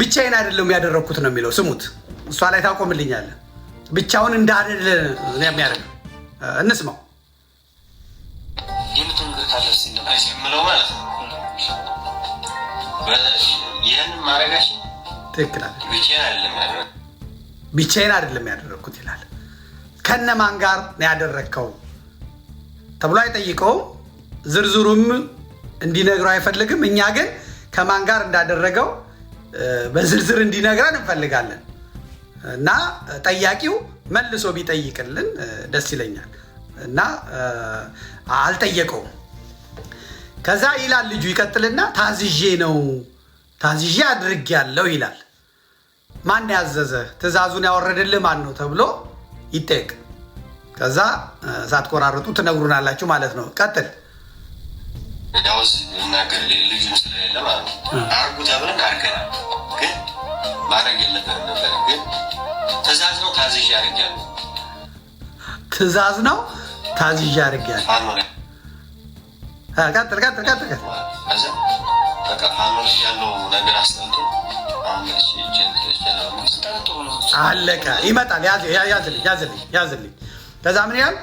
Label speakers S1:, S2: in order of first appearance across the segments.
S1: ብቻዬን አይደለም ያደረግኩት ነው የሚለው። ስሙት፣ እሷ ላይ ታቆምልኛለ። ብቻውን እንዳደለ የሚያደርግ እንስማው። ብቻዬን አይደለም ያደረግኩት ይላል። ከነማን ጋር ያደረግከው ተብሎ አይጠይቀውም። ዝርዝሩም እንዲነግረው አይፈልግም። እኛ ግን ከማን ጋር እንዳደረገው በዝርዝር እንዲነግረን እንፈልጋለን እና ጠያቂው መልሶ ቢጠይቅልን ደስ ይለኛል እና አልጠየቀውም። ከዛ ይላል ልጁ ይቀጥልና ታዝዤ ነው ታዝዤ ያለው ይላል። ማን ያዘዘ ትእዛዙን ያወረድልህ ማን ነው ተብሎ ይጠየቅ። ከዛ ሳትቆራርጡ ትነግሩናላችሁ ማለት ነው። ቀጥል ዳውዝ የሚናገር ልዩ ስለሌለ ማለት ነው። አርጉ ተብለን አድርገናል፣ ግን ማድረግ የለበት ነበር። ግን ትእዛዝ ነው ታዝዤ አድርጊያለሁ። ትእዛዝ ነው ታዝዤ አድርጊያለሁ። ቀጥል ቀጥል ቀጥል በቃ ፋኖ ያለው ነገር አስጠልቶ አለቀ። ይመጣል። ያዝልኝ ያዝልኝ ያዝልኝ። ከዛ ምን ያህል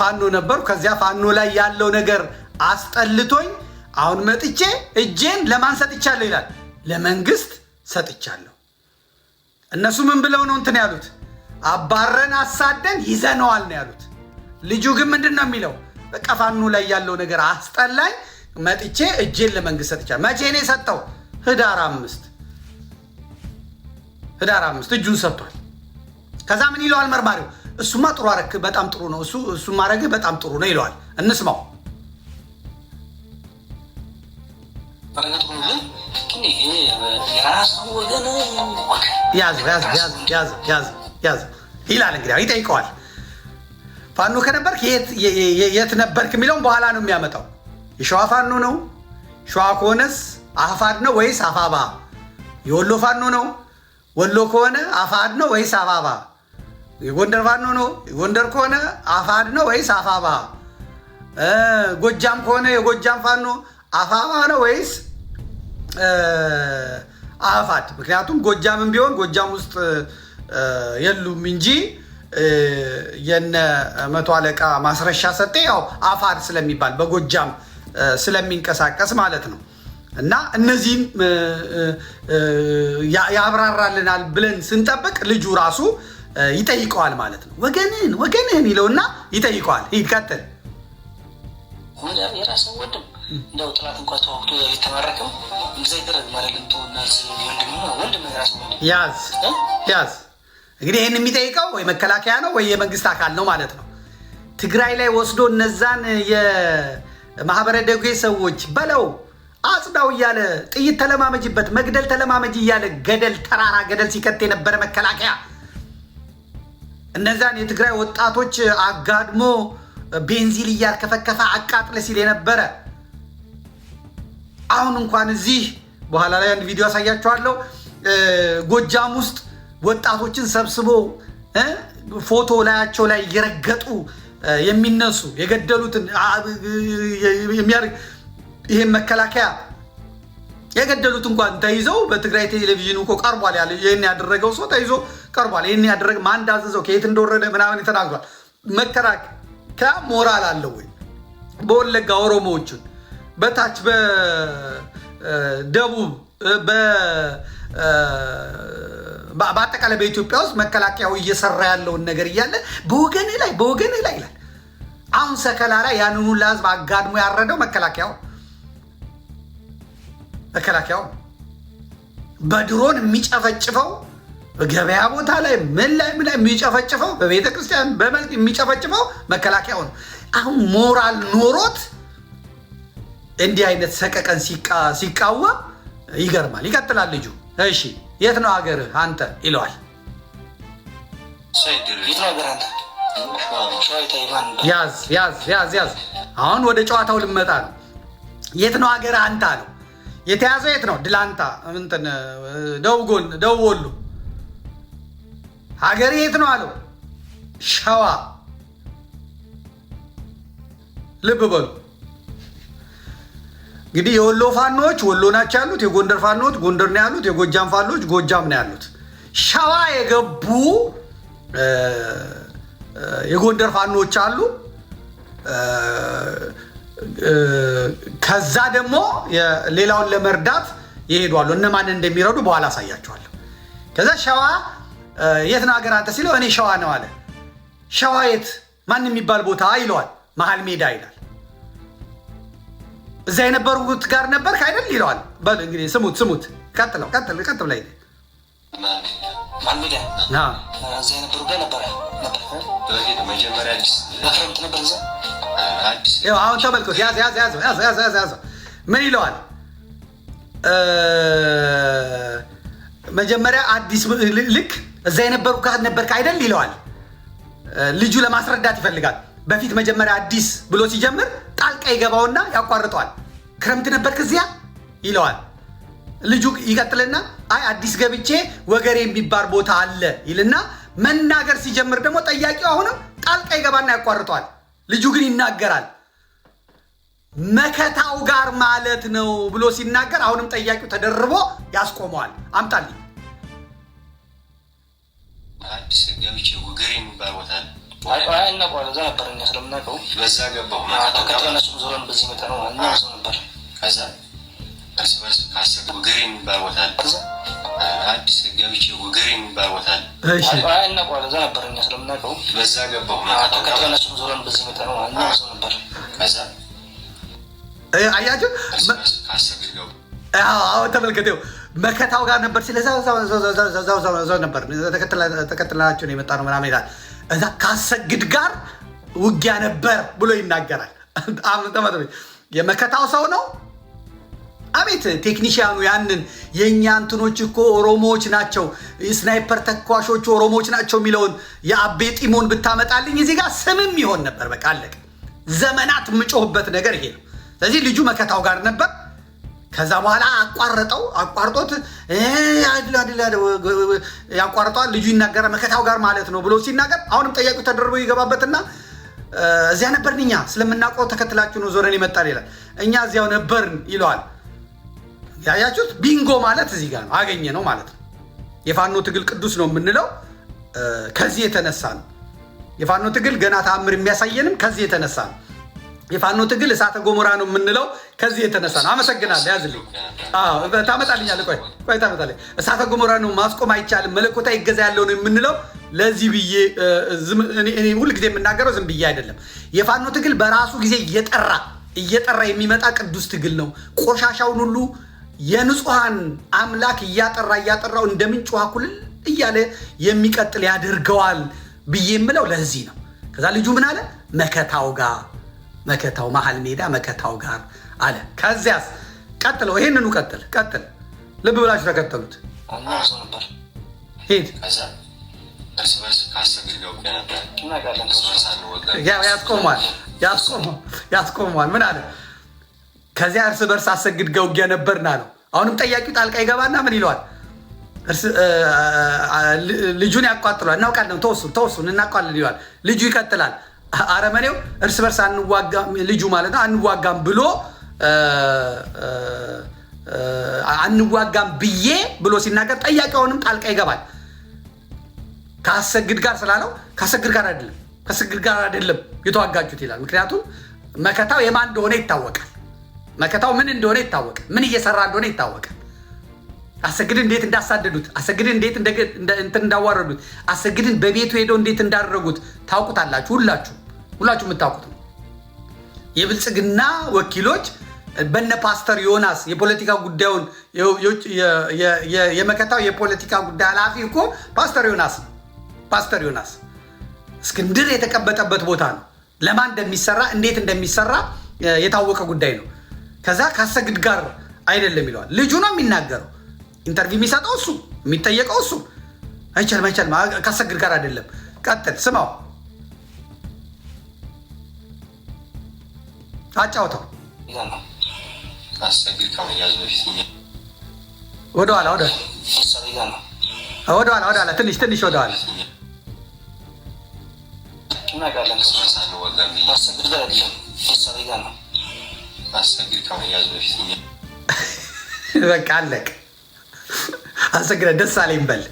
S1: ፋኖ ነበርኩ። ከዚያ ፋኖ ላይ ያለው ነገር አስጠልቶኝ አሁን መጥቼ እጄን ለማን ሰጥቻለሁ ይላል። ለመንግስት ሰጥቻለሁ። እነሱ ምን ብለው ነው እንትን ያሉት? አባረን አሳደን ይዘነዋል ነው ያሉት። ልጁ ግን ምንድን ነው የሚለው? በቀፋኑ ላይ ያለው ነገር አስጠላኝ፣ መጥቼ እጄን ለመንግስት ሰጥቻለሁ። መቼ ነው የሰጠው? ህዳር አምስት ህዳር አምስት እጁን ሰጥቷል። ከዛ ምን ይለዋል መርማሪው? እሱማ ጥሩ አረክ፣ በጣም ጥሩ ነው እሱ እሱ ማድረግህ በጣም ጥሩ ነው ይለዋል። እንስማው ያዝ ያዝ ያዝ ይላል። እንግዲህ ይጠይቀዋል። ፋኖ ከነበርክ የት ነበርክ የሚለውን በኋላ ነው የሚያመጣው። የሸዋ ፋኖ ነው? ሸዋ ከሆነስ አፋድ ነው ወይስ አፋባ? የወሎ ፋኖ ነው? ወሎ ከሆነ አፋድ ነው ወይስ አፋባ? የጎንደር ፋኖ ነው? የጎንደር ከሆነ አፋድ ነው ወይስ አፋባ? ጎጃም ከሆነ የጎጃም ፋኖ አፋባ ነው ወይስ አፋት ምክንያቱም ጎጃምን ቢሆን ጎጃም ውስጥ የሉም እንጂ የነ መቶ አለቃ ማስረሻ ሰጤ ያው አፋር ስለሚባል በጎጃም ስለሚንቀሳቀስ ማለት ነው። እና እነዚህም ያብራራልናል ብለን ስንጠብቅ ልጁ ራሱ ይጠይቀዋል ማለት ነው። ወገንህን ወገንህን ይለውና ይጠይቀዋል። ይቀጥል የራስን ወንድም እንደው ጥላት እንኳን ተዋግቶ የተማረከው እንደዛ ይደረግ ማለትም ተወናዝ ወንድም ወንድም ራሱ ያዝ ያዝ። እንግዲህ ይህን የሚጠይቀው ወይ መከላከያ ነው ወይ የመንግስት አካል ነው ማለት ነው። ትግራይ ላይ ወስዶ እነዛን የማህበረ ደጉ ሰዎች በለው አጽዳው እያለ ጥይት ተለማመጅበት መግደል ተለማመጅ እያለ ገደል ተራራ ገደል ሲከት የነበረ መከላከያ እነዛን የትግራይ ወጣቶች አጋድሞ ቤንዚን እያርከፈከፈ አቃጥለ ሲል የነበረ አሁን እንኳን እዚህ በኋላ ላይ አንድ ቪዲዮ ያሳያችኋለሁ። ጎጃም ውስጥ ወጣቶችን ሰብስቦ ፎቶ ላያቸው ላይ እየረገጡ የሚነሱ የገደሉትን ይህን መከላከያ የገደሉት እንኳን ተይዘው በትግራይ ቴሌቪዥን እኮ ቀርቧል። ያለ ይህን ያደረገው ሰው ተይዞ ቀርቧል። ይህን ያደረገ ማን እንዳዘዘው ከየት እንደወረደ ምናምን ተናግሯል። መከራከያ ሞራል አለው ወይ? በወለጋ ኦሮሞዎቹን በታች በደቡብ በአጠቃላይ በኢትዮጵያ ውስጥ መከላከያው እየሰራ ያለውን ነገር እያለ በወገኔ ላይ በወገኔ ላይ ይላል። አሁን ሰከላ ላይ ያንኑ ለህዝብ አጋድሞ ያረደው መከላከያው መከላከያው በድሮን የሚጨፈጭፈው በገበያ ቦታ ላይ ምን ላይ ምን ላይ የሚጨፈጭፈው በቤተክርስቲያን በመልክ የሚጨፈጭፈው መከላከያው ነው። አሁን ሞራል ኖሮት እንዲህ አይነት ሰቀቀን ሲቃወም ይገርማል። ይቀጥላል ልጁ። እሺ የት ነው ሀገርህ አንተ ይለዋል። ያዝ ያዝ ያዝ ያዝ። አሁን ወደ ጨዋታው ልመጣ ነው። የት ነው ሀገርህ አንተ አለው። የተያዘው የት ነው? ድላንታ እንትን ደቡብ ወሎ። ሀገርህ የት ነው አለው። ሸዋ። ልብ በሉ እንግዲህ የወሎ ፋኖች ወሎ ናቸው ያሉት፣ የጎንደር ፋኖች ጎንደር ነው ያሉት፣ የጎጃም ፋኖች ጎጃም ነው ያሉት። ሸዋ የገቡ የጎንደር ፋኖች አሉ። ከዛ ደግሞ ሌላውን ለመርዳት ይሄዷሉ። እነማን እንደሚረዱ በኋላ አሳያቸዋለሁ። ከዛ ሸዋ የት ነው ሀገር አንተ ሲለው እኔ ሸዋ ነው አለ። ሸዋ የት ማን የሚባል ቦታ ይለዋል። መሀል ሜዳ ይላል። እዛ የነበሩት ጋር ነበርክ አይደል ይለዋል። በል እንግዲህ ስሙት ስሙት፣ ቀጥለው ቀጥል ቀጥል ላይ አሁን ተመልከት፣ ያዘ ያዘ ያዘ ያዘ ያዘ። ምን ይለዋል? መጀመሪያ አዲስ ልክ እዛ የነበሩ ጋር ነበርክ አይደል ይለዋል። ልጁ ለማስረዳት ይፈልጋል። በፊት መጀመሪያ አዲስ ብሎ ሲጀምር ጣልቃ ይገባውና ያቋርጠዋል። ክረምት ነበር ከዚያ ይለዋል። ልጁ ይቀጥልና አይ አዲስ ገብቼ ወገሬ የሚባል ቦታ አለ ይልና መናገር ሲጀምር ደግሞ ጠያቂው አሁንም ጣልቃ ይገባና ያቋርጠዋል። ልጁ ግን ይናገራል። መከታው ጋር ማለት ነው ብሎ ሲናገር አሁንም ጠያቂው ተደርቦ ያስቆመዋል። አምጣልኝ አዲስ ገብቼ ወገሬ የሚባል ቦታ አለ ነበር ነው። ነበር። አለ። አዲስ ገብቼ ወገሬ የሚባል ቦታ አለ። እናውቀዋለን። ነበር ነው። እኛ ነበር። ተመልከተው መከታው ጋር ነበር ሲለዛ ተከትላቸው ነው የመጣ ነው ምናምን ይላል እዛ ካሰግድ ጋር ውጊያ ነበር ብሎ ይናገራል። የመከታው ሰው ነው። አቤት ቴክኒሽያኑ ያንን የእኛ እንትኖች እኮ ኦሮሞዎች ናቸው፣ ስናይፐር ተኳሾቹ ኦሮሞዎች ናቸው የሚለውን የአቤ ጢሞን ብታመጣልኝ እዚህ ጋር ስምም ይሆን ነበር። በቃ አለቀ። ዘመናት የምጮህበት ነገር ይሄ ነው። ስለዚህ ልጁ መከታው ጋር ነበር። ከዛ በኋላ አቋረጠው። አቋርጦት ያቋርጠዋል። ልጁ ይናገራል መከታው ጋር ማለት ነው ብሎ ሲናገር አሁንም ጠያቂው ተደርቦ ይገባበትና እዚያ ነበርን እኛ ስለምናውቀው ተከትላችሁ ነው ዞረን ይመጣል ይላል። እኛ እዚያው ነበርን ይለዋል። ያያችሁት ቢንጎ ማለት እዚህ ጋር ነው፣ አገኘ ነው ማለት ነው። የፋኖ ትግል ቅዱስ ነው የምንለው ከዚህ የተነሳ ነው። የፋኖ ትግል ገና ተአምር የሚያሳየንም ከዚህ የተነሳ ነው። የፋኖ ትግል እሳተ ገሞራ ነው የምንለው ከዚህ የተነሳ ነው። አመሰግናለሁ። ያዝልኝ። ታመጣልኛለህ? ቆይ ቆይ፣ ታመጣልኝ። እሳተ ጎሞራ ነው ማስቆም አይቻልም፣ መለኮታ ይገዛ ያለው ነው የምንለው ለዚህ ብዬ ሁል ጊዜ የምናገረው ዝም ብዬ አይደለም። የፋኖ ትግል በራሱ ጊዜ እየጠራ እየጠራ የሚመጣ ቅዱስ ትግል ነው። ቆሻሻውን ሁሉ የንጹሐን አምላክ እያጠራ እያጠራው እንደ ምንጭ ውሃ ኩልል እያለ የሚቀጥል ያደርገዋል ብዬ የምለው ለዚህ ነው። ከዛ ልጁ ምን አለ መከታው ጋር መከታው መሀል ሜዳ መከታው ጋር አለ። ከዚያስ ቀጥለው ይህንኑ ቀጥል ቀጥል፣ ልብ ብላችሁ ተከተሉት። ያስቆሟል ምን አለ? ከዚያ እርስ በርስ አሰግድ ገውጊያ ነበርና ነው። አሁንም ጠያቂው ጣልቃ ይገባና ምን ይለዋል? ልጁን ያቋጥሏል። እናውቃለን፣ ተወሱን ተወሱን እናውቃለን ይለዋል። ልጁ ይቀጥላል። አረመኔው እርስ በርስ አንዋጋም ልጁ ማለት ነው አንዋጋም ብሎ አንዋጋም ብዬ ብሎ ሲናገር ጠያቂውንም ጣልቃ ይገባል። ከአሰግድ ጋር ስላለው ከአሰግድ ጋር አይደለም ከአሰግድ ጋር አይደለም የተዋጋችሁት ይላል። ምክንያቱም መከታው የማን እንደሆነ ይታወቃል። መከታው ምን እንደሆነ ይታወቃል። ምን እየሰራ እንደሆነ ይታወቃል። አሰግድን እንዴት እንዳሳደዱት፣ አሰግድን እንዴት እንትን እንዳዋረዱት፣ አሰግድን በቤቱ ሄደው እንዴት እንዳደረጉት ታውቁታላችሁ። ሁላችሁ ሁላችሁ የምታውቁት ነው። የብልጽግና ወኪሎች በነ ፓስተር ዮናስ የፖለቲካ ጉዳዩን የመከታው የፖለቲካ ጉዳይ ኃላፊ እኮ ፓስተር ዮናስ ነው። ፓስተር ዮናስ እስክንድር የተቀበጠበት ቦታ ነው። ለማን እንደሚሰራ እንዴት እንደሚሰራ የታወቀ ጉዳይ ነው። ከዛ ካሰግድ ጋር አይደለም ይለዋል። ልጁ ነው የሚናገረው ኢንተርቪው የሚሰጠው እሱ የሚጠየቀው እሱ። አይቻልም አይቻልም። ካሰግድ ጋር አይደለም። ቀጥል፣ ስማው፣ አጫውተው። ወደኋላ ወደኋላ ወደኋላ ትንሽ ትንሽ ወደኋላ በቃ አለቅ አስቸግረን ደስ አለኝ በል።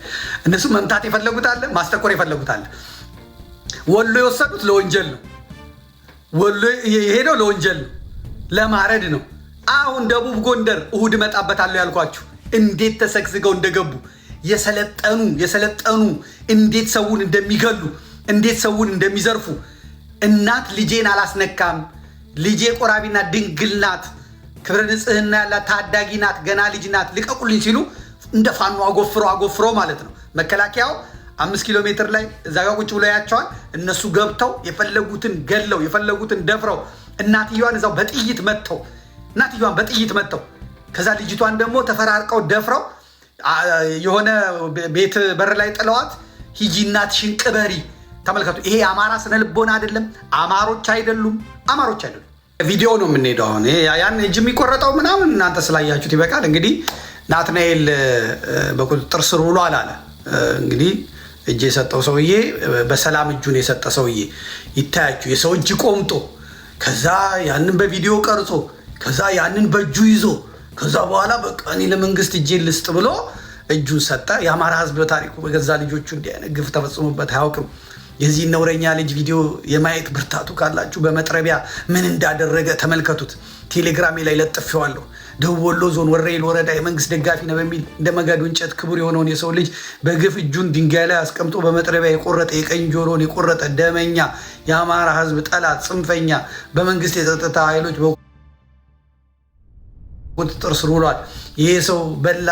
S1: እነሱ መምታት የፈለጉታል፣ ማስተኮር የፈለጉታል። ወሎ የወሰዱት ለወንጀል ነው። ወሎ የሄደው ለወንጀል ነው፣ ለማረድ ነው። አሁን ደቡብ ጎንደር እሁድ እመጣበታለሁ ያልኳችሁ እንዴት ተሰግስገው እንደገቡ የሰለጠኑ የሰለጠኑ እንዴት ሰውን እንደሚገሉ እንዴት ሰውን እንደሚዘርፉ እናት ልጄን አላስነካም፣ ልጄ ቆራቢና ድንግል ናት፣ ክብረ ንጽህና ያላት ታዳጊ ናት፣ ገና ልጅ ናት፣ ልቀቁልኝ ሲሉ እንደ ፋኖ አጎፍሮ አጎፍሮ ማለት ነው። መከላከያው አምስት ኪሎ ሜትር ላይ እዛ ጋ ቁጭ ብሎ ያቸዋል። እነሱ ገብተው የፈለጉትን ገለው የፈለጉትን ደፍረው እናትየዋን እዛው በጥይት መጥተው እናትየዋን በጥይት መጥተው ከዛ ልጅቷን ደግሞ ተፈራርቀው ደፍረው የሆነ ቤት በር ላይ ጥለዋት ሂጂ እናትሽን ቅበሪ። ተመልከቱ። ይሄ የአማራ ስነ ልቦና አይደለም። አማሮች አይደሉም። አማሮች አይደሉም። ቪዲዮ ነው የምንሄደው አሁን ያን እጅ የሚቆረጠው ምናምን እናንተ ስላያችሁት ይበቃል እንግዲህ ናትናኤል በቁጥጥር ስር ውሏል አለ። እንግዲህ እጅ የሰጠው ሰውዬ በሰላም እጁን የሰጠ ሰውዬ ይታያችሁ፣ የሰው እጅ ቆምጦ ከዛ ያንን በቪዲዮ ቀርጾ ከዛ ያንን በእጁ ይዞ ከዛ በኋላ በቃ እኔ ለመንግስት እጄን ልስጥ ብሎ እጁን ሰጠ። የአማራ ህዝብ በታሪኩ በገዛ ልጆቹ እንዲህ ዓይነት ግፍ ተፈጽሞበት አያውቅም። የዚህ ነውረኛ ልጅ ቪዲዮ የማየት ብርታቱ ካላችሁ በመጥረቢያ ምን እንዳደረገ ተመልከቱት። ቴሌግራሜ ላይ ለጥፌዋለሁ። ደቡብ ወሎ ዞን ወረይል ወረዳ የመንግስት ደጋፊ ነው በሚል እንደ እንጨት ክቡር የሆነውን የሰው ልጅ በግፍ እጁን ድንጋይ ላይ አስቀምጦ በመጥረቢያ የቆረጠ የቀኝ ጆሮን የቆረጠ ደመኛ፣ የአማራ ህዝብ ጠላት፣ ጽንፈኛ በመንግስት የጸጥታ ኃይሎች ቁጥጥር ስር ውሏል። ይሄ ሰው በላ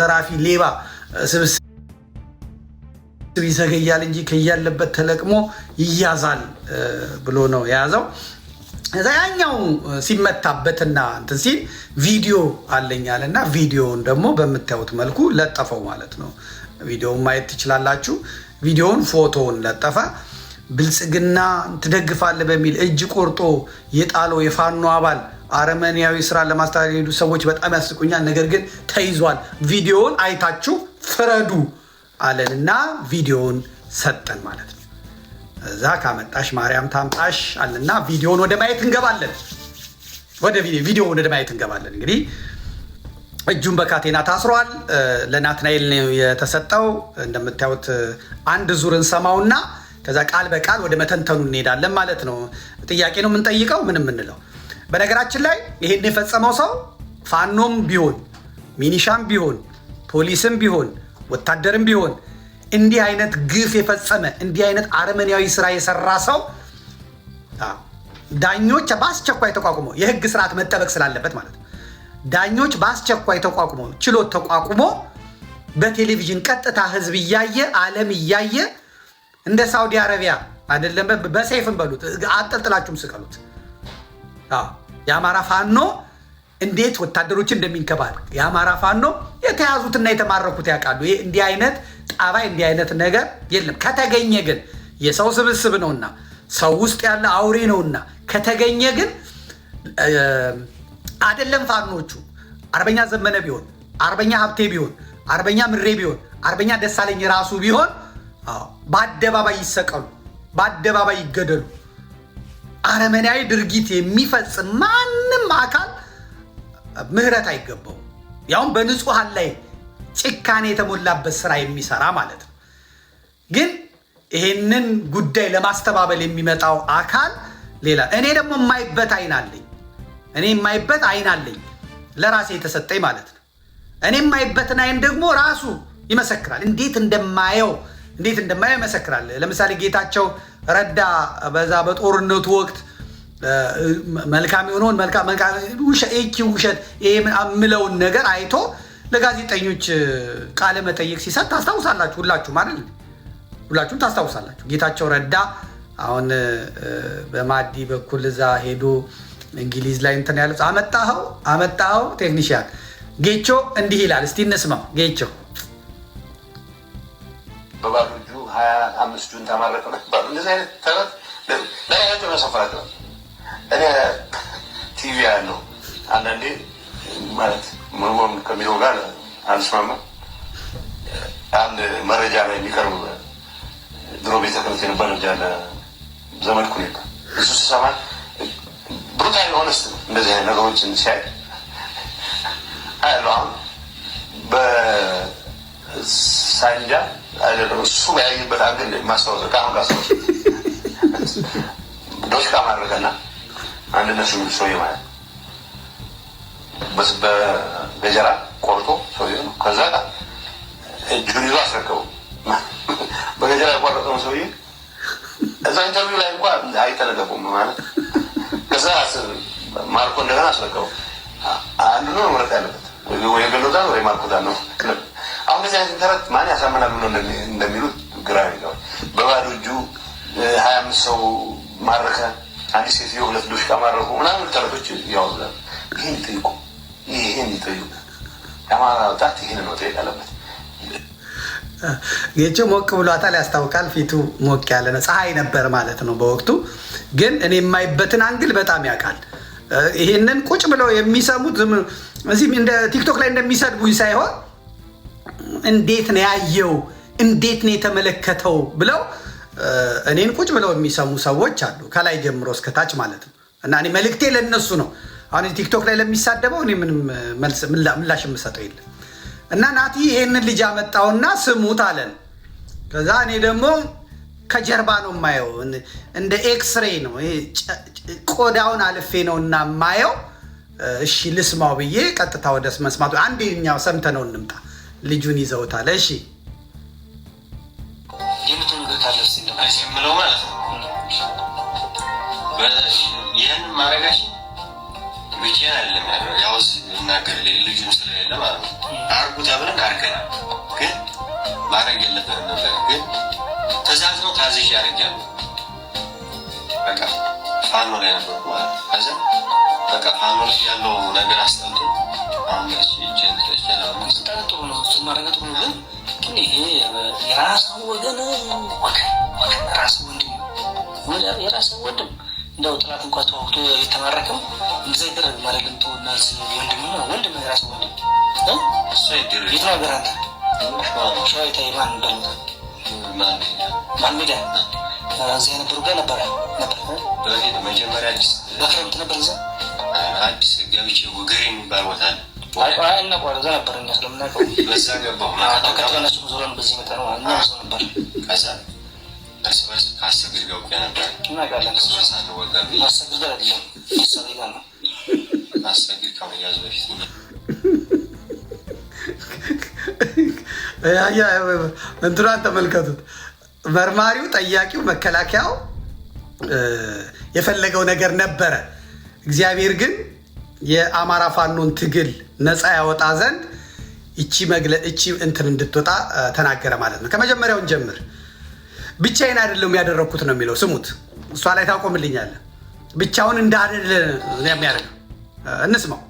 S1: ዘራፊ፣ ሌባ ስብስብ ይዘገያል እንጂ ከያለበት ተለቅሞ ይያዛል ብሎ ነው የያዘው። እዛ ያኛው ሲመታበትና እንትን ሲል ቪዲዮ አለኛል እና ቪዲዮውን ደግሞ በምታዩት መልኩ ለጠፈው ማለት ነው። ቪዲዮውን ማየት ትችላላችሁ። ቪዲዮውን ፎቶውን ለጠፈ። ብልጽግና ትደግፋለህ በሚል እጅ ቆርጦ የጣለው የፋኖ አባል አረመኔያዊ ስራ ለማስተዳደር የሄዱ ሰዎች በጣም ያስቁኛል፣ ነገር ግን ተይዟል። ቪዲዮውን አይታችሁ ፍረዱ እና ቪዲዮውን ሰጠን ማለት ነው። እዛ ካመጣሽ ማርያም ታምጣሽ አለና ቪዲዮን ወደ ማየት እንገባለን። ወደ ቪዲዮ ወደ ማየት እንገባለን። እንግዲህ እጁን በካቴና ታስሯል። ለናትናኤል ነው የተሰጠው። እንደምታዩት አንድ ዙር እንሰማውና ከዛ ቃል በቃል ወደ መተንተኑ እንሄዳለን ማለት ነው። ጥያቄ ነው የምንጠይቀው፣ ምን የምንለው። በነገራችን ላይ ይሄን የፈጸመው ሰው ፋኖም ቢሆን ሚኒሻም ቢሆን ፖሊስም ቢሆን ወታደርም ቢሆን እንዲህ አይነት ግፍ የፈጸመ እንዲህ አይነት አረመኔያዊ ስራ የሰራ ሰው ዳኞች በአስቸኳይ ተቋቁሞ የህግ ስርዓት መጠበቅ ስላለበት ማለት ነው። ዳኞች በአስቸኳይ ተቋቁሞ ችሎት ተቋቁሞ በቴሌቪዥን ቀጥታ ህዝብ እያየ ዓለም እያየ እንደ ሳውዲ አረቢያ አይደለም፣ በሰይፍን በሉት አጠልጥላችሁም ስቀሉት። የአማራ ፋኖ እንዴት ወታደሮችን እንደሚንከባል የአማራ ፋኖ የተያዙትና የተማረኩት ያውቃሉ። እንዲህ አይነት ጠባይ እንዲህ አይነት ነገር የለም። ከተገኘ ግን የሰው ስብስብ ነውና ሰው ውስጥ ያለ አውሬ ነውና ከተገኘ ግን አይደለም ፋኖቹ አርበኛ ዘመነ ቢሆን፣ አርበኛ ሀብቴ ቢሆን፣ አርበኛ ምሬ ቢሆን፣ አርበኛ ደሳለኝ ራሱ ቢሆን በአደባባይ ይሰቀሉ፣ በአደባባይ ይገደሉ። አረመናዊ ድርጊት የሚፈጽም ማንም አካል ምህረት አይገባው፣ ያውም በንጹሐን ላይ ጭካኔ የተሞላበት ስራ የሚሰራ ማለት ነው። ግን ይሄንን ጉዳይ ለማስተባበል የሚመጣው አካል ሌላ። እኔ ደግሞ የማይበት አይን አለኝ። እኔ የማይበት አይን አለኝ ለራሴ የተሰጠኝ ማለት ነው። እኔ የማይበትን አይን ደግሞ ራሱ ይመሰክራል። እንዴት እንደማየው እንዴት እንደማየው ይመሰክራል። ለምሳሌ ጌታቸው ረዳ በዛ በጦርነቱ ወቅት መልካም የሆነውን ውሸት ይህ የምለውን ነገር አይቶ ለጋዜጠኞች ቃለ መጠይቅ ሲሰጥ ታስታውሳላችሁ። ሁላችሁ ማለት ሁላችሁም ታስታውሳላችሁ። ጌታቸው ረዳ አሁን በማዲ በኩል እዛ ሄዶ እንግሊዝ ላይ እንትን ያለ አመጣኸው አመጣኸው ቴክኒሽያን ጌቾ እንዲህ ይላል። እስቲ እንስማው። ጌቾ
S2: በባዶ እኔ ቲቪ ያለው አንዳንዴ ማለት መሆን ከሚለው ጋር አንስማማም። አንድ መረጃ ላይ የሚቀርብ ድሮ ቤተ ክህነት የነበረ ልጅ አለ፣ ዘመድኩ ሁኔታ እሱ ስሰማ ብሩታል ሆነስት እንደዚህ አይነት ነገሮችን ሲያይ አሁን በሳንጃ አይደለም እሱ ያየበት አንግል ማስታወሰ ከአሁን ጋር ሰዎች ዶሽቃ ማድረገና አንድነት ሰውዬ ማለት በ ገጀራ ቆርጦ ሰውዬው ነው። ከዛ እጁን ይዞ አስረከቡ። በገጀራ የቆረጠው ሰውዬ እዛ ኢንተርቪው ላይ እንኳ አይተለቀቁም ማለት ከዛ ማርኮ እንደገና አስረከቡ። አንዱ ነው መምረጥ ያለበት ወይ ገሎታል ወይ ማርኮዛ ነው። አሁን ከዚህ አይነት ተረት ማን ያሳምናል ብሎ እንደሚሉት ግራ ይገባል። በባዶ እጁ ሀያ አምስት ሰው ማረከ። አንድ ሴትዮ ሁለት ዶሽቃ ማረኩ ምናምን ተረቶች ያወዛል። ይህን ይጠይቁ ይሄን የአማራ ወጣት ይህን መጠየቅ አለበት።
S1: ጌቾ ሞቅ ብሏታል፣ ያስታውቃል። ፊቱ ሞቅ ያለ ነው። ፀሐይ ነበር ማለት ነው በወቅቱ። ግን እኔ የማይበትን አንግል በጣም ያውቃል። ይህንን ቁጭ ብለው የሚሰሙት እዚህ እንደ ቲክቶክ ላይ እንደሚሰድቡኝ ሳይሆን እንዴት ነው ያየው፣ እንዴት ነው የተመለከተው ብለው እኔን ቁጭ ብለው የሚሰሙ ሰዎች አሉ፣ ከላይ ጀምሮ እስከታች ማለት ነው። እና እኔ መልእክቴ ለነሱ ነው። አሁን ቲክቶክ ላይ ለሚሳደበው እኔ ምንም ምላሽ የምሰጠው የለም። እና ናቲ ይሄንን ልጅ አመጣውና ስሙት አለን። ከዛ እኔ ደግሞ ከጀርባ ነው የማየው፣ እንደ ኤክስሬ ነው ቆዳውን አልፌ ነው እና የማየው። እሺ ልስማው ብዬ ቀጥታ ወደ መስማቱ ሰምተ ነው እንምጣ። ልጁን ይዘውታል። እሺ የምትምግታለስ ማለት ነው ይህን ማረጋሽ ብቻ ያለ ያውስ ምናገር ልጁ ስለሌለ ማለት ነው። አርጉ ተብለን አድርገናል፣ ግን ማድረግ የለበት ነበር። ግን ትእዛዝ ነው፣ ታዝዤ አድርጊያለሁ። በቃ ፋኖ ላይ ነበር ማለት ከዚ በቃ ፋኖ ላይ ያለው ነገር አስጠልቶ አሁን ወገን ወገን ወንድም ወንድም እንደው ጥላት እንኳ ተዋውቶ የተማረከው እንደዛ ይደረግም አይደለም። ተወና ወንድም ወንድም ራስ ወንድም የት ነው ሀገር አንተ ሸዋይታ ማን ማልሜዳ እዚያ የነበሩ ጋር ነበረ መጀመሪያ በክረምት ነበር እዛ አዲስ ገብቼ ወገሪ የሚባል ቦታ አለ እናውቀዋለን። እዛ ነበር እኛ ስለምናውቀው በዛ ገባሁ ተከትለ እነሱ ዞረን በዚህ መጣ ነው ነበር ከዛ እርስ በርስ ነበር። ተመልከቱት። መርማሪው፣ ጠያቂው፣ መከላከያው የፈለገው ነገር ነበረ። እግዚአብሔር ግን የአማራ ፋኖን ትግል ነፃ ያወጣ ዘንድ እቺ እንትን እንድትወጣ ተናገረ ማለት ነው። ከመጀመሪያውን ጀምር ብቻዬን አይደለም ያደረግኩት ነው የሚለው። ስሙት፣ እሷ ላይ ታቆምልኛለ። ብቻውን እንዳደለ አደለ የሚያደርግ እንስማው።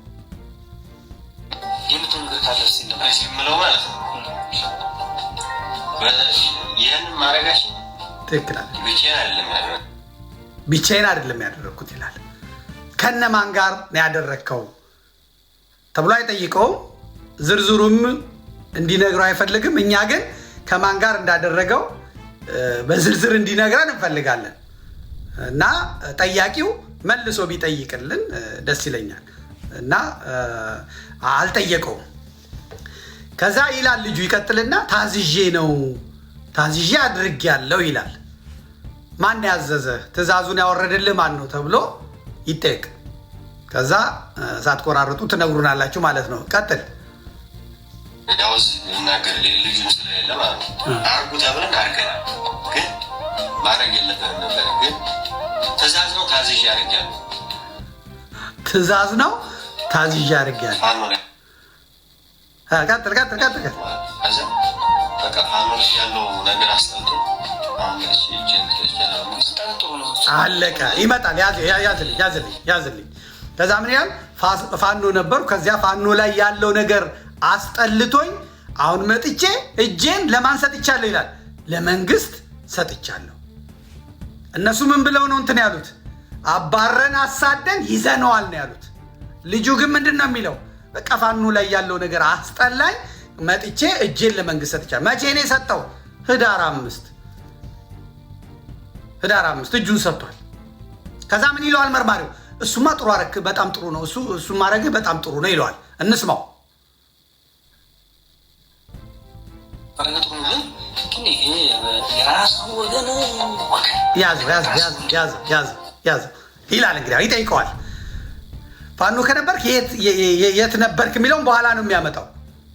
S1: ብቻዬን አይደለም ያደረግኩት ይላል። ከነማን ጋር ያደረግከው ተብሎ አይጠይቀውም። ዝርዝሩም እንዲነግረው አይፈልግም። እኛ ግን ከማን ጋር እንዳደረገው በዝርዝር እንዲነግረን እንፈልጋለን እና ጠያቂው መልሶ ቢጠይቅልን ደስ ይለኛል እና አልጠየቀውም። ከዛ ይላል ልጁ ይቀጥልና ታዝዤ ነው ታዝዤ ያለው ይላል። ማን ያዘዘ ትዕዛዙን ያወረድልህ ማን ነው ተብሎ ይጠየቅ። ከዛ ሳትቆራርጡ ትነግሩናላችሁ ማለት ነው። ቀጥል ዳውዝ የሚናገር ልዩ ስለሌለ ማለት ነው። አርጉ ተብለን አድርገናል፣ ግን ማድረግ የለበት ነበር። ግን ትእዛዝ ነው ታዝዤ አድርጊያለሁ። ትእዛዝ ነው ታዝዤ አድርጊያለሁ። ቀጥል ቀጥል ቀጥል በቃ ፋኖ ላይ ያለው ነገር አስጠልቶ አለቀ። ይመጣል። ያዝልኝ ያዝልኝ። ከዛ ምን ያህል ፋኖ ነበርኩ። ከዚያ ፋኖ ላይ ያለው ነገር አስጠልቶኝ አሁን መጥቼ እጄን ለማን ሰጥቻለሁ ይላል። ለመንግስት ሰጥቻለሁ። እነሱ ምን ብለው ነው እንትን ያሉት? አባረን አሳደን ይዘነዋል ነው ያሉት። ልጁ ግን ምንድን ነው የሚለው? በቃ ላይ ያለው ነገር አስጠላኝ፣ መጥቼ እጄን ለመንግስት ሰጥቻለሁ። መቼ ነው የሰጠው? ህዳር አምስት ህዳር አምስት እጁን ሰጥቷል። ከዛ ምን ይለዋል መርማሪው? እሱማ ጥሩ አረክ፣ በጣም ጥሩ ነው እሱ እሱ ማድረግህ በጣም ጥሩ ነው ይለዋል። እንስማው ይላል። እንግዲህ ይጠይቀዋል። ፋኖ ከነበርክ የት ነበርክ የሚለውን በኋላ ነው የሚያመጣው።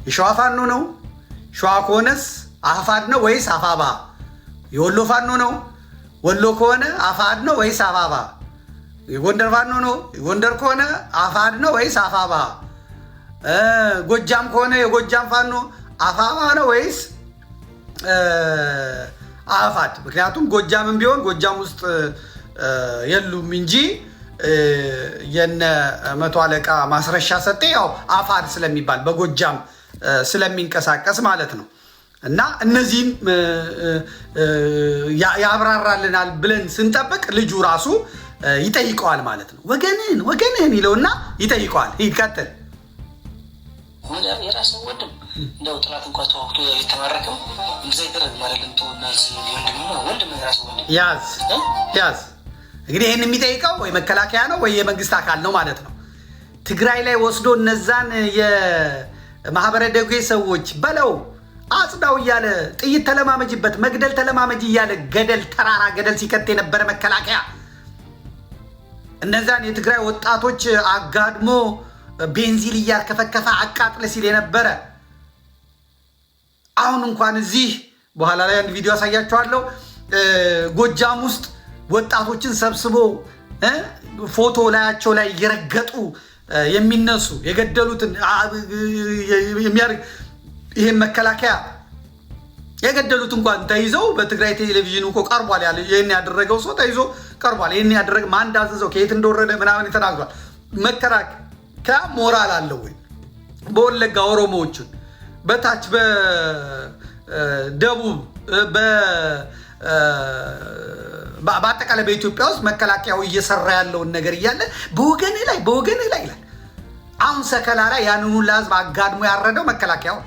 S1: የሸዋ ፋኖ ነው። ሸዋ ከሆነስ አፋድ ነው ወይስ አፋባ? የወሎ ፋኖ ነው። ወሎ ከሆነ አፋድ ነው ወይስ አፋባ? የጎንደር ፋኖ ነው። የጎንደር ከሆነ አፋድ ነው ወይስ አፋባ? ጎጃም ከሆነ የጎጃም ፋኖ አፋባ ነው ወይስ አፋድ ምክንያቱም ጎጃምን ቢሆን ጎጃም ውስጥ የሉም እንጂ የነ መቶ አለቃ ማስረሻ ሰጤ ያው አፋር ስለሚባል በጎጃም ስለሚንቀሳቀስ ማለት ነው። እና እነዚህም ያብራራልናል ብለን ስንጠብቅ ልጁ ራሱ ይጠይቀዋል ማለት ነው። ወገንህን ወገንህን ይለውና ይጠይቀዋል። ይቀጥል የራስህ ወንድም እንደው ጥላት እንኳን ተዋግቶ የተማረከው እንደዛ ይደረግ ማለትም ወንድም ራሱ ወንድም ያዝ ያዝ። እንግዲህ ይህን የሚጠይቀው ወይ መከላከያ ነው ወይ የመንግስት አካል ነው ማለት ነው። ትግራይ ላይ ወስዶ እነዛን የማህበረ ደጉ ሰዎች በለው አጽዳው እያለ ጥይት ተለማመጅበት መግደል ተለማመጅ እያለ ገደል ተራራ ገደል ሲከት የነበረ መከላከያ እነዛን የትግራይ ወጣቶች አጋድሞ ቤንዚል እያርከፈከፈ አቃጥለ ሲል የነበረ አሁን እንኳን እዚህ በኋላ ላይ አንድ ቪዲዮ ያሳያችኋለሁ። ጎጃም ውስጥ ወጣቶችን ሰብስቦ ፎቶ ላያቸው ላይ እየረገጡ የሚነሱ የገደሉትን ይህን መከላከያ የገደሉት እንኳን ተይዘው በትግራይ ቴሌቪዥን እኮ ቀርቧል። ያለ ይህን ያደረገው ሰው ተይዞ ቀርቧል። ይህን ያደረገ ማን እንዳዘዘው ከየት እንደወረደ ምናምን ተናግሯል። መከራከያ ሞራል አለው ወይ? በወለጋ ኦሮሞዎችን በታች በደቡብ በአጠቃላይ በኢትዮጵያ ውስጥ መከላከያው እየሰራ ያለውን ነገር እያለ በወገን ላይ በወገን ላይ ይላል። አሁን ሰከላ ላይ ያንኑ ለህዝብ አጋድሞ ያረደው መከላከያው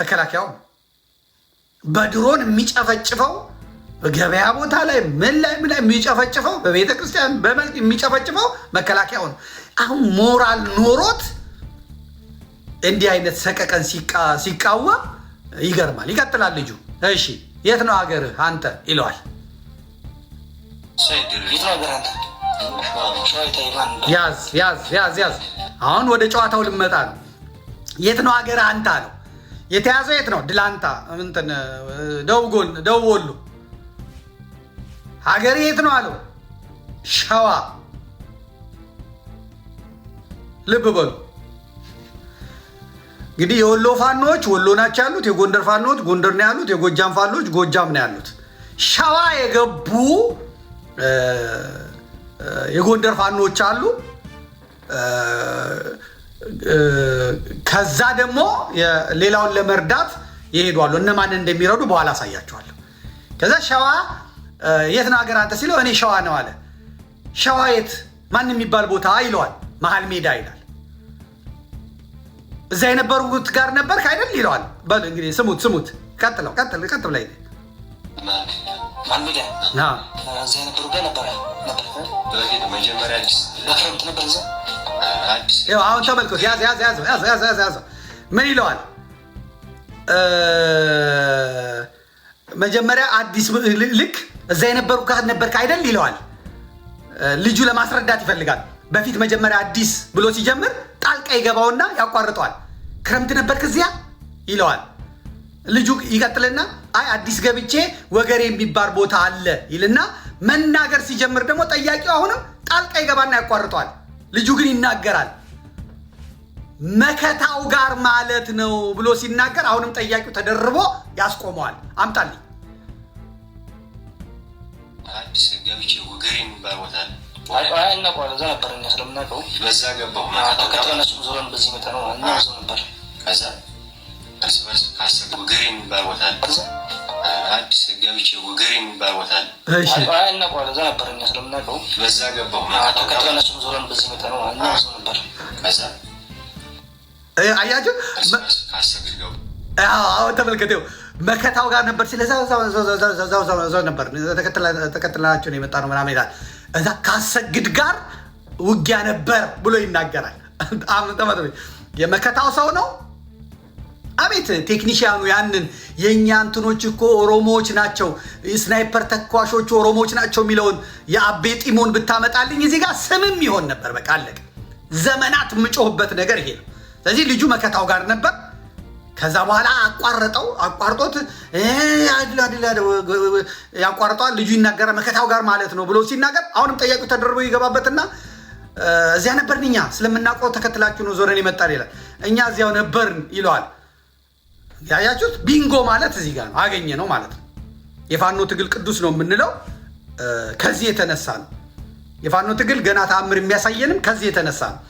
S1: መከላከያው በድሮን የሚጨፈጭፈው በገበያ ቦታ ላይ ምን ላይ ምን ላይ የሚጨፈጭፈው በቤተክርስቲያን በመልክ የሚጨፈጭፈው መከላከያው ነው። አሁን ሞራል ኖሮት እንዲህ አይነት ሰቀቀን ሲቃወም ይገርማል። ይቀጥላል ልጁ። እሺ የት ነው ሀገርህ አንተ ይለዋል። ያዝ ያዝ ያዝ ያዝ። አሁን ወደ ጨዋታው ልመጣ ነው። የት ነው ሀገርህ አንተ አለው። የተያዘው የት ነው? ድላንታ እንትን ደቡብ ወሎ። ሀገርህ የት ነው አለው። ሸዋ። ልብ በሉ እንግዲህ የወሎ ፋኖች ወሎ ናቸው ያሉት፣ የጎንደር ፋኖች ጎንደር ነው ያሉት፣ የጎጃም ፋኖች ጎጃም ነው ያሉት። ሸዋ የገቡ የጎንደር ፋኖች አሉ። ከዛ ደግሞ ሌላውን ለመርዳት ይሄዷሉ። እነማን እንደሚረዱ በኋላ አሳያቸዋለሁ። ከዛ ሸዋ የት ነው ሀገር አንተ ሲለው እኔ ሸዋ ነው አለ። ሸዋ የት ማን የሚባል ቦታ ይለዋል። መሀል ሜዳ ይላል። እዛ የነበሩት ጋር ነበርክ አይደል ይለዋል። በል እንግዲህ ስሙት ስሙት፣ ቀጥለው ቀጥል ቀጥል ላይ አሁን ተመልከት፣ ያዘው። ምን ይለዋል? መጀመሪያ አዲስ ልክ እዛ የነበሩ ጋር ነበርክ አይደል ይለዋል። ልጁ ለማስረዳት ይፈልጋል። በፊት መጀመሪያ አዲስ ብሎ ሲጀምር ጣልቃ ይገባውና ያቋርጠዋል። ክረምት ነበር ከዚያ ይለዋል። ልጁ ይቀጥልና አይ አዲስ ገብቼ ወገር የሚባል ቦታ አለ ይልና መናገር ሲጀምር ደግሞ ጠያቂው አሁንም ጣልቃ ይገባና ያቋርጠዋል። ልጁ ግን ይናገራል። መከታው ጋር ማለት ነው ብሎ ሲናገር አሁንም ጠያቂው ተደርቦ ያስቆመዋል። አምጣልኝ አዲስ ገብቼ ወገሬ የሚባል ቦታ አለ ነበር እኛ ስለምናውቀው ነበር ከዛ ነበር እኛ ነው ተመልከተው መከታው ጋር ነበር ተከትላቸው ነው የመጣ ነው ምናምን ይላል እዛ ካሰግድ ጋር ውጊያ ነበር ብሎ ይናገራል። የመከታው ሰው ነው። አቤት ቴክኒሽያኑ ያንን የእኛ እንትኖች እኮ ኦሮሞዎች ናቸው፣ ስናይፐር ተኳሾቹ ኦሮሞዎች ናቸው የሚለውን የአቤ ጢሞን ብታመጣልኝ እዚህ ጋር ስምም ይሆን ነበር። በቃ አለቀ። ዘመናት የምጮህበት ነገር ይሄ ነው። ስለዚህ ልጁ መከታው ጋር ነበር። ከዛ በኋላ አቋረጠው። አቋርጦት ያቋርጠዋል። ልጁ ይናገራል መከታው ጋር ማለት ነው ብሎ ሲናገር አሁንም ጠያቂው ተደርቦ ይገባበትና እዚያ ነበርን እኛ ስለምናውቀው ተከትላችሁ ነው ዞረን ይመጣል ይላል። እኛ እዚያው ነበርን ይለዋል። ያያችሁት ቢንጎ ማለት እዚህ ጋር ነው፣ አገኘ ነው ማለት ነው። የፋኖ ትግል ቅዱስ ነው የምንለው ከዚህ የተነሳ ነው። የፋኖ ትግል ገና ተአምር የሚያሳየንም ከዚህ የተነሳ ነው።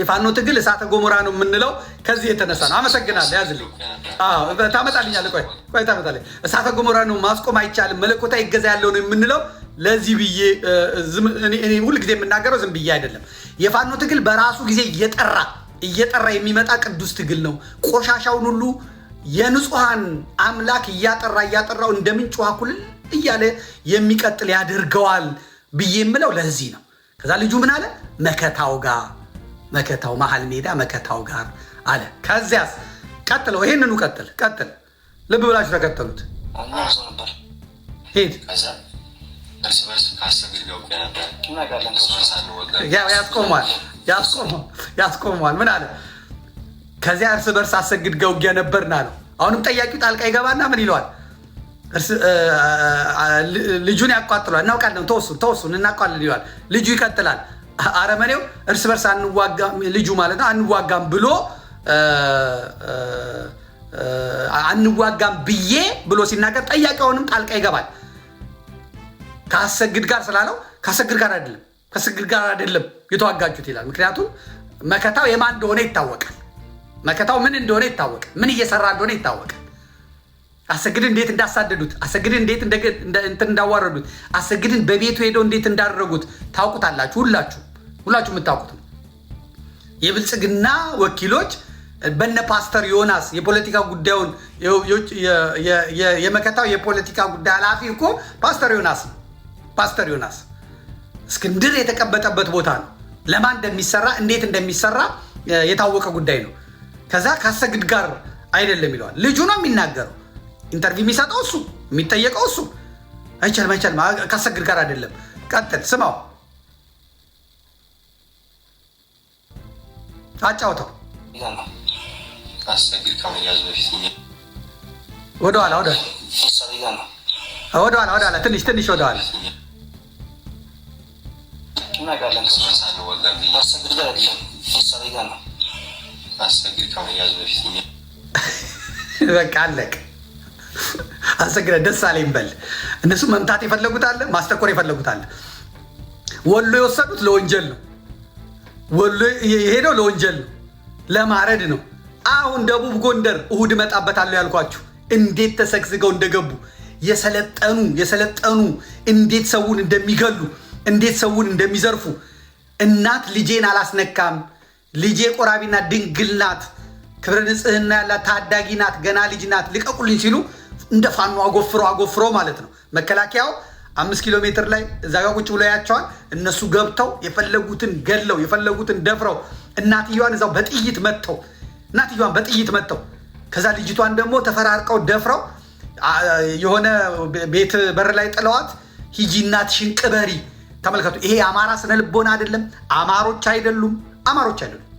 S1: የፋኖ ትግል እሳተ ገሞራ ነው የምንለው ከዚህ የተነሳ ነው። አመሰግናለሁ። ያዝልኝ። ታመጣልኛለህ? ቆይ ቆይ፣ ታመጣልኝ። እሳተ ጎሞራ ነው ማስቆም አይቻልም፣ መለኮታዊ እገዛ ያለው ነው የምንለው ለዚህ ብዬ ሁል ጊዜ የምናገረው ዝም ብዬ አይደለም። የፋኖ ትግል በራሱ ጊዜ እየጠራ እየጠራ የሚመጣ ቅዱስ ትግል ነው። ቆሻሻውን ሁሉ የንጹሐን አምላክ እያጠራ እያጠራው እንደ ምንጭ ውሃ ኩል እያለ የሚቀጥል ያደርገዋል ብዬ የምለው ለዚህ ነው። ከዛ ልጁ ምን አለ መከታው ጋር መከታው መሀል ሜዳ መከታው ጋር አለ። ከዚያስ ቀጥለው ይህንኑ ቀጥል ቀጥል ልብ ብላችሁ ተከተሉት። ሂድ ያስቆሟል ምን አለ? ከዚያ እርስ በርስ አሰግድ ገውጊያ ነበርና ነው። አሁንም ጠያቂው ጣልቃ ይገባና ምን ይለዋል? ልጁን ያቋጥሏል። እናውቃለን፣ ተወሱን ተወሱን እናውቃለን ይለዋል። ልጁ ይቀጥላል አረመኔው እርስ በርስ አንዋጋም ልጁ ማለት ነው አንዋጋም ብሎ አንዋጋም ብዬ ብሎ ሲናገር ጠያቂውንም ጣልቃ ይገባል። ከአሰግድ ጋር ስላለው ከአሰግድ ጋር አይደለም ከአሰግድ ጋር አይደለም የተዋጋችሁት ይላል። ምክንያቱም መከታው የማን እንደሆነ ይታወቃል። መከታው ምን እንደሆነ ይታወቃል። ምን እየሰራ እንደሆነ ይታወቃል። አሰግድን እንዴት እንዳሳደዱት፣ አሰግድን እንዴት እንትን እንዳዋረዱት፣ አሰግድን በቤቱ ሄደው እንዴት እንዳደረጉት ታውቁታላችሁ። ሁላችሁ ሁላችሁ የምታውቁት ነው። የብልጽግና ወኪሎች በነ ፓስተር ዮናስ የፖለቲካ ጉዳዩን የመከታው የፖለቲካ ጉዳይ ኃላፊ እኮ ፓስተር ዮናስ ነው። ፓስተር ዮናስ እስክንድር የተቀበጠበት ቦታ ነው። ለማን እንደሚሰራ እንዴት እንደሚሰራ የታወቀ ጉዳይ ነው። ከዛ ካሰግድ ጋር አይደለም ይለዋል። ልጁ ነው የሚናገረው ኢንተርቪው የሚሰጠው እሱ የሚጠየቀው እሱ። አይቻል አይቻል ካሰግድ ጋር አይደለም። ቀጥል፣ ስማው፣ አጫውተው። ወደኋላ ወደኋላ ወደኋላ ትንሽ ትንሽ ወደኋላ በቃ አለቅ አሰግደ ደስ አለኝ በል። እነሱ መምታት የፈለጉታል፣ ማስተኮር የፈለጉታል። ወሎ የወሰዱት ለወንጀል ነው። ወሎ የሄደው ለወንጀል ነው፣ ለማረድ ነው። አሁን ደቡብ ጎንደር እሁድ እመጣበታለሁ ያልኳችሁ እንዴት ተሰግስገው እንደገቡ የሰለጠኑ የሰለጠኑ እንዴት ሰውን እንደሚገሉ እንዴት ሰውን እንደሚዘርፉ እናት ልጄን አላስነካም፣ ልጄ ቆራቢና ድንግል ናት፣ ክብረ ንጽህና ያላት ታዳጊ ናት፣ ገና ልጅ ናት፣ ልቀቁልኝ ሲሉ እንደ ፋኖ አጎፍሮ አጎፍሮ ማለት ነው። መከላከያው አምስት ኪሎ ሜትር ላይ እዛ ቁጭ ብሎ ያቸዋል። እነሱ ገብተው የፈለጉትን ገለው የፈለጉትን ደፍረው እናትየዋን እዛው በጥይት መጥተው እናትየዋን በጥይት መጥተው ከዛ ልጅቷን ደግሞ ተፈራርቀው ደፍረው የሆነ ቤት በር ላይ ጥለዋት ሂጂ እናትሽን ቅበሪ። ተመልከቱ፣ ይሄ የአማራ ስነ ልቦና አይደለም። አማሮች አይደሉም። አማሮች አይደሉም።